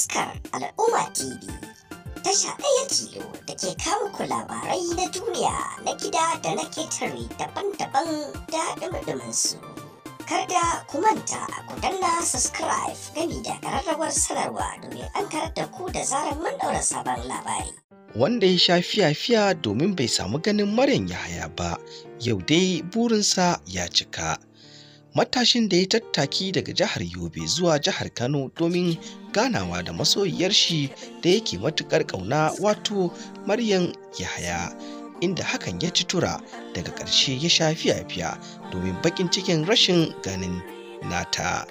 taskar al'umma tv tasha ɗaya tilo da ke kawo ku labarai na duniya na gida da na ketare daban-daban da ɗumɗumin su kada ku manta a ku danna subscribe gani da ƙararrawar sanarwa domin an karar da ku da zarar mun ɗaura sabon labari wanda ya sha fiya-fiya domin bai samu ganin ya yahaya ba yau dai burinsa ya cika matashin da ya tattaki daga jihar Yobe zuwa jihar Kano domin ganawa da masoyiyar shi da yake matukar kauna wato Maryam Yahaya inda hakan ya ci tura daga ƙarshe ya sha fiya-fiya domin bakin cikin rashin ganin nata.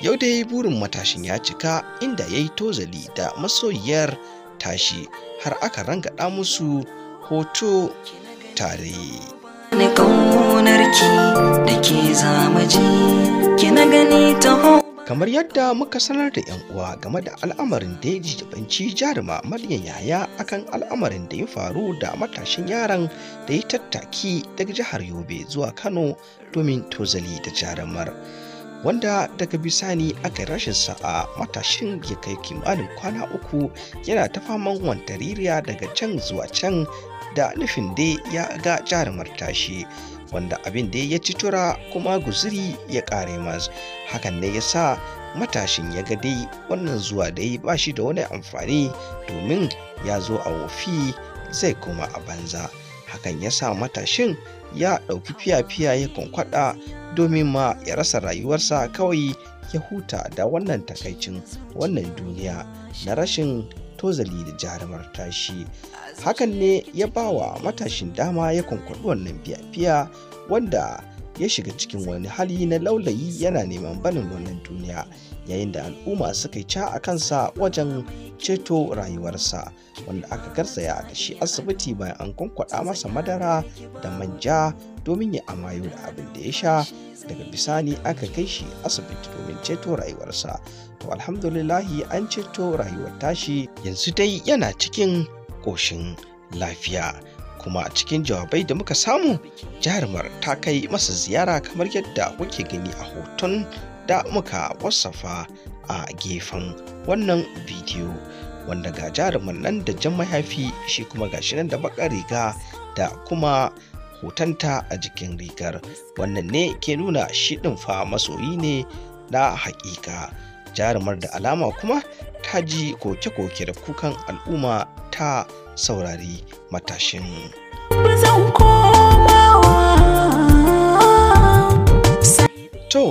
Yau da dai burin matashin ya cika inda ya yi tozali da masoyiyar tashi har aka rangada musu hoto tare. ƙaunarki da ke zamaji kina gani ta kamar yadda muka sanar da 'yan uwa game da al'amarin da ya jibanci jaruma maryan yaya akan al'amarin da ya faru da matashin yaran da ya tattaki daga jihar yobe zuwa kano domin tozali da jarumar wanda daga bisani aka rashin sa'a matashin ya kai kimanin kwana uku yana ta faman wantaririya daga can zuwa can da nufin dai ya ga jarumar tashi wanda abin da ya ci tura kuma guziri ya kare masu, hakan ne ya sa matashin ya ga dai wannan zuwa dai ba shi da wani amfani domin ya zo a wofi zai kuma a banza hakan ya sa matashin ya ɗauki fiya-fiya ya kwankwada, domin ma ya rasa rayuwarsa kawai ya huta da wannan takaicin wannan duniya na rashin tozali da jarumar tashi hakan ne ya bawa matashin dama ya kwankwaɗi wannan fiya-fiya wanda ya shiga cikin wani hali na laulayi yana neman banin wannan duniya yayin da al'umma suka ca a kansa wajen ceto rayuwarsa wanda aka garzaya a shi asibiti bayan an kwankwada masa madara da manja domin ya amayo da abin da ya sha daga bisani aka kai shi asibiti domin ceto rayuwarsa to alhamdulillahi an ceto rayuwar tashi yanzu dai yana cikin ƙoshin lafiya kuma cikin jawabai da muka samu jarumar ta kai masa ziyara kamar yadda kuke gani a hoton da muka wasafa a gefen wannan bidiyo wanda ga jarumar nan da jan mahaifi shi kuma ga shi nan da bakar riga da kuma hotonta a jikin rigar wannan ne ke nuna shi ɗin fa masoyi ne na haƙiƙa jarumar da alama kuma ta ji koke-koke da kukan al'umma ta saurari matashin.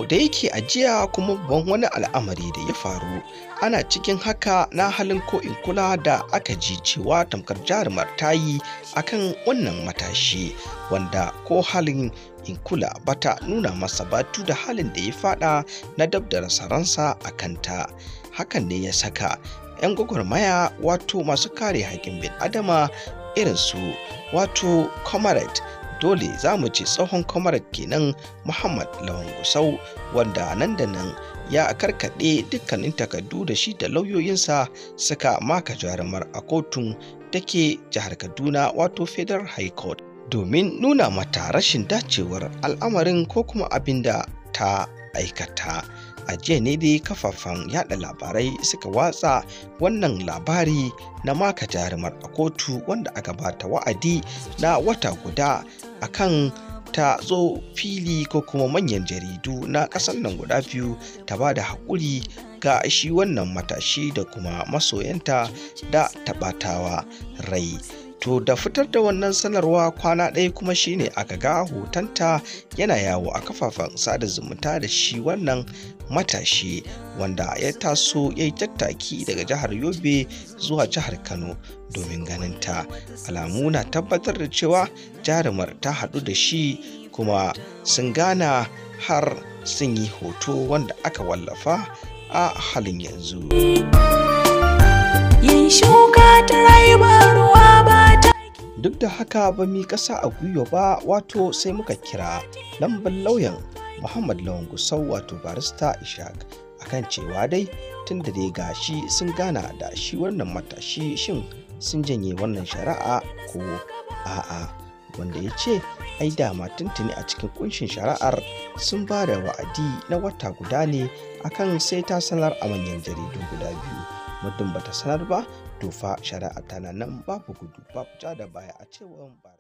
da yake ajiya kuma ban wani al'amari da ya faru ana cikin haka na halin ko in kula da aka ji cewa tamkar jarumar ta tayi akan wannan matashi wanda ko halin in kula bata nuna masa batu da halin da ya fada na dab da rasaransa a kanta hakan ne ya saka 'yan gwagwarmaya wato masu kare haƙƙin bin adama irinsu wato comrade dole za mu ce tsohon kwamarar kenan muhammad lawan gusau wanda nan da nan ya karkaɗe dukkanin takardu da shi da lauyoyinsa suka maka jarumar a kotun da ke jihar kaduna wato federal high court domin nuna mata rashin dacewar al'amarin ko kuma abin da ta aikata a jiya ne dai kafafen yada labarai suka watsa wannan labari na maka jarumar a kotu wanda aka bata wa'adi na wata guda akan ta zo fili ko kuma manyan jaridu na ƙasar nan guda biyu ta ba da haƙuri ga shi wannan matashi da kuma masoyanta da taɓatawa rai to da fitar da wannan sanarwa kwana ɗaya kuma shine aka ga hotonta yana yawo a kafafen sada zumunta da shi wannan matashi wanda ya taso ya yi tattaki daga jihar yobe zuwa jihar kano domin ganin ta alamu na tabbatar da cewa jarumar ta haɗu da shi kuma sun gana har sun yi hoto wanda aka wallafa a halin yanzu yin shuka ta ruwa duk da haka ba mu ƙasa a gwiwa ba wato sai muka kira lambar lauyan muhammad lawan gusau wato barista ishaq akan cewa dai tun da dai gashi sun gana da shi wannan matashi shin sun janye wannan shari'a ko a'a wanda ya ce ai dama tuntuni a cikin kunshin shari'ar sun ba da wa'adi na wata guda ne akan sai ta sanar a manyan jaridun guda biyu mutum bata sanar ba to fa shari'a tana nan babu gudu babu ja da baya a cewar ba